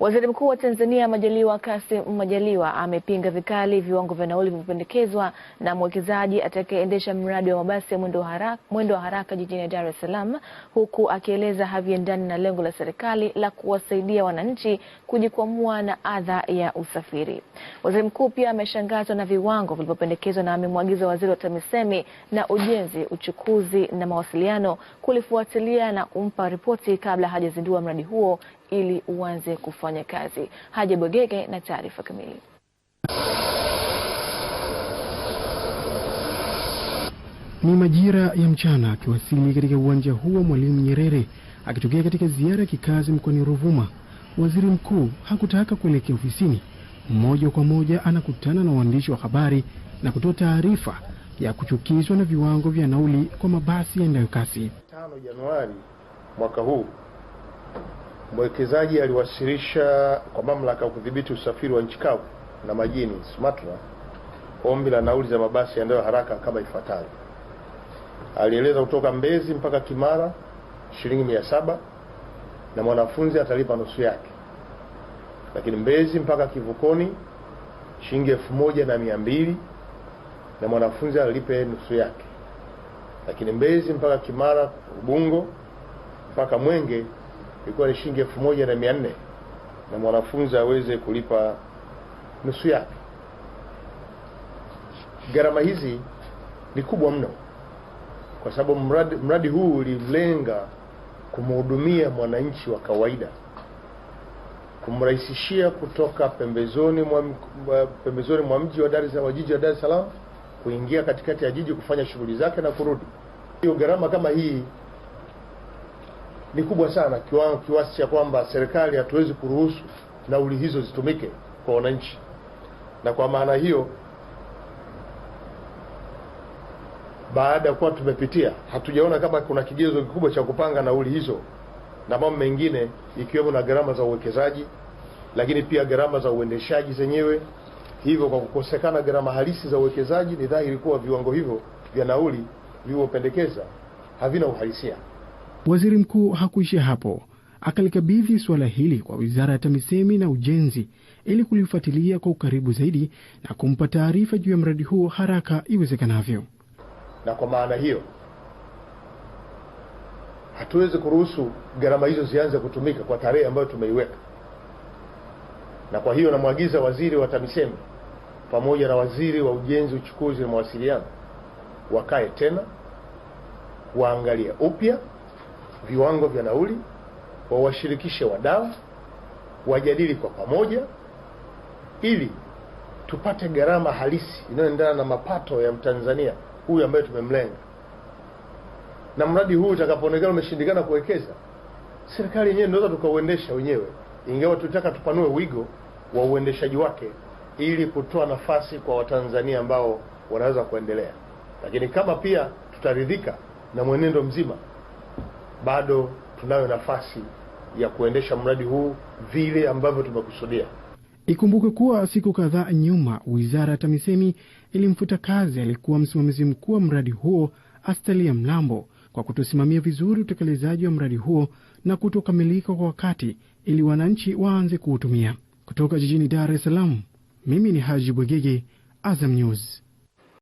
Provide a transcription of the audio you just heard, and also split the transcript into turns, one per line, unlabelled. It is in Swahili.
Waziri Mkuu wa Tanzania Majaliwa Kassim Majaliwa amepinga vikali viwango vya nauli vilivyopendekezwa na mwekezaji atakayeendesha mradi wa mabasi ya mwendo wa haraka, haraka jijini Dar es Salaam huku akieleza haviendani na lengo la serikali la kuwasaidia wananchi kujikwamua na adha ya usafiri. Waziri Mkuu pia ameshangazwa na viwango vilivyopendekezwa na amemwagiza waziri wa TAMISEMI na Ujenzi, Uchukuzi na Mawasiliano kulifuatilia na kumpa ripoti kabla hajazindua mradi huo ili uanze kufanya kufanya kazi. Haja Bwegege na taarifa kamili.
Ni majira ya mchana, akiwasili katika uwanja huo Mwalimu Nyerere akitokea katika ziara ya kikazi mkoani Ruvuma. Waziri mkuu hakutaka kuelekea ofisini, moja kwa moja anakutana na waandishi wa habari na kutoa taarifa ya kuchukizwa na viwango vya nauli kwa mabasi yaendayo kasi.
5 Januari mwaka huu mwekezaji aliwasilisha kwa mamlaka ya kudhibiti usafiri wa nchi kavu na majini SUMATRA ombi la nauli za mabasi yaendayo haraka kama ifuatavyo. Alieleza kutoka Mbezi mpaka Kimara shilingi mia saba na mwanafunzi atalipa nusu yake, lakini Mbezi mpaka Kivukoni shilingi elfu moja na mia mbili na mwanafunzi alipe nusu yake, lakini Mbezi mpaka Kimara Ubungo mpaka Mwenge ilikuwa ni shilingi elfu moja na mia nne na mwanafunzi aweze kulipa nusu yake. Gharama hizi ni kubwa mno, kwa sababu mradi, mradi huu ulilenga kumhudumia mwananchi wa kawaida, kumrahisishia kutoka pembezoni mwa, pembezoni mwa mji wa Dar es Salaam, jiji wa Dar es Salaam kuingia katikati ya jiji kufanya shughuli zake na kurudi. Hiyo gharama kama hii ni kubwa sana kiwango kiwasi cha kwamba serikali hatuwezi kuruhusu nauli hizo zitumike kwa wananchi, na kwa maana hiyo, baada ya kuwa tumepitia, hatujaona kama kuna kigezo kikubwa cha kupanga nauli hizo na mambo mengine ikiwemo na gharama za uwekezaji, lakini pia gharama za uendeshaji zenyewe. Hivyo, kwa kukosekana gharama halisi za uwekezaji, ni dhahiri kuwa viwango hivyo vya nauli vilivyopendekeza havina uhalisia.
Waziri mkuu hakuishia hapo, akalikabidhi suala hili kwa wizara ya TAMISEMI na ujenzi ili kulifuatilia kwa ukaribu zaidi na kumpa taarifa juu ya mradi huo haraka iwezekanavyo.
Na kwa maana hiyo hatuwezi kuruhusu gharama hizo zianze kutumika kwa tarehe ambayo tumeiweka, na kwa hiyo namwagiza waziri wa TAMISEMI pamoja na waziri wa ujenzi, uchukuzi na mawasiliano wakae tena waangalia upya viwango vya nauli, wawashirikishe wadau, wajadili kwa pamoja ili tupate gharama halisi inayoendana na mapato ya Mtanzania huyu ambaye tumemlenga. Na mradi huu utakapoonekana umeshindikana kuwekeza, serikali yenyewe ndio tukauendesha wenyewe, ingawa tutaka tupanue wigo wa uendeshaji wake ili kutoa nafasi kwa Watanzania ambao wanaweza kuendelea, lakini kama pia tutaridhika na mwenendo mzima bado tunayo nafasi ya kuendesha mradi huu vile ambavyo tumekusudia.
Ikumbukwe kuwa siku kadhaa nyuma, wizara ya TAMISEMI ilimfuta kazi aliyekuwa msimamizi mkuu wa mradi huo Astalia Mlambo kwa kutosimamia vizuri utekelezaji wa mradi huo na kutokamilika kwa wakati ili wananchi waanze kuutumia. Kutoka jijini Dar es Salaam, mimi ni Haji Bwegege, Azam News.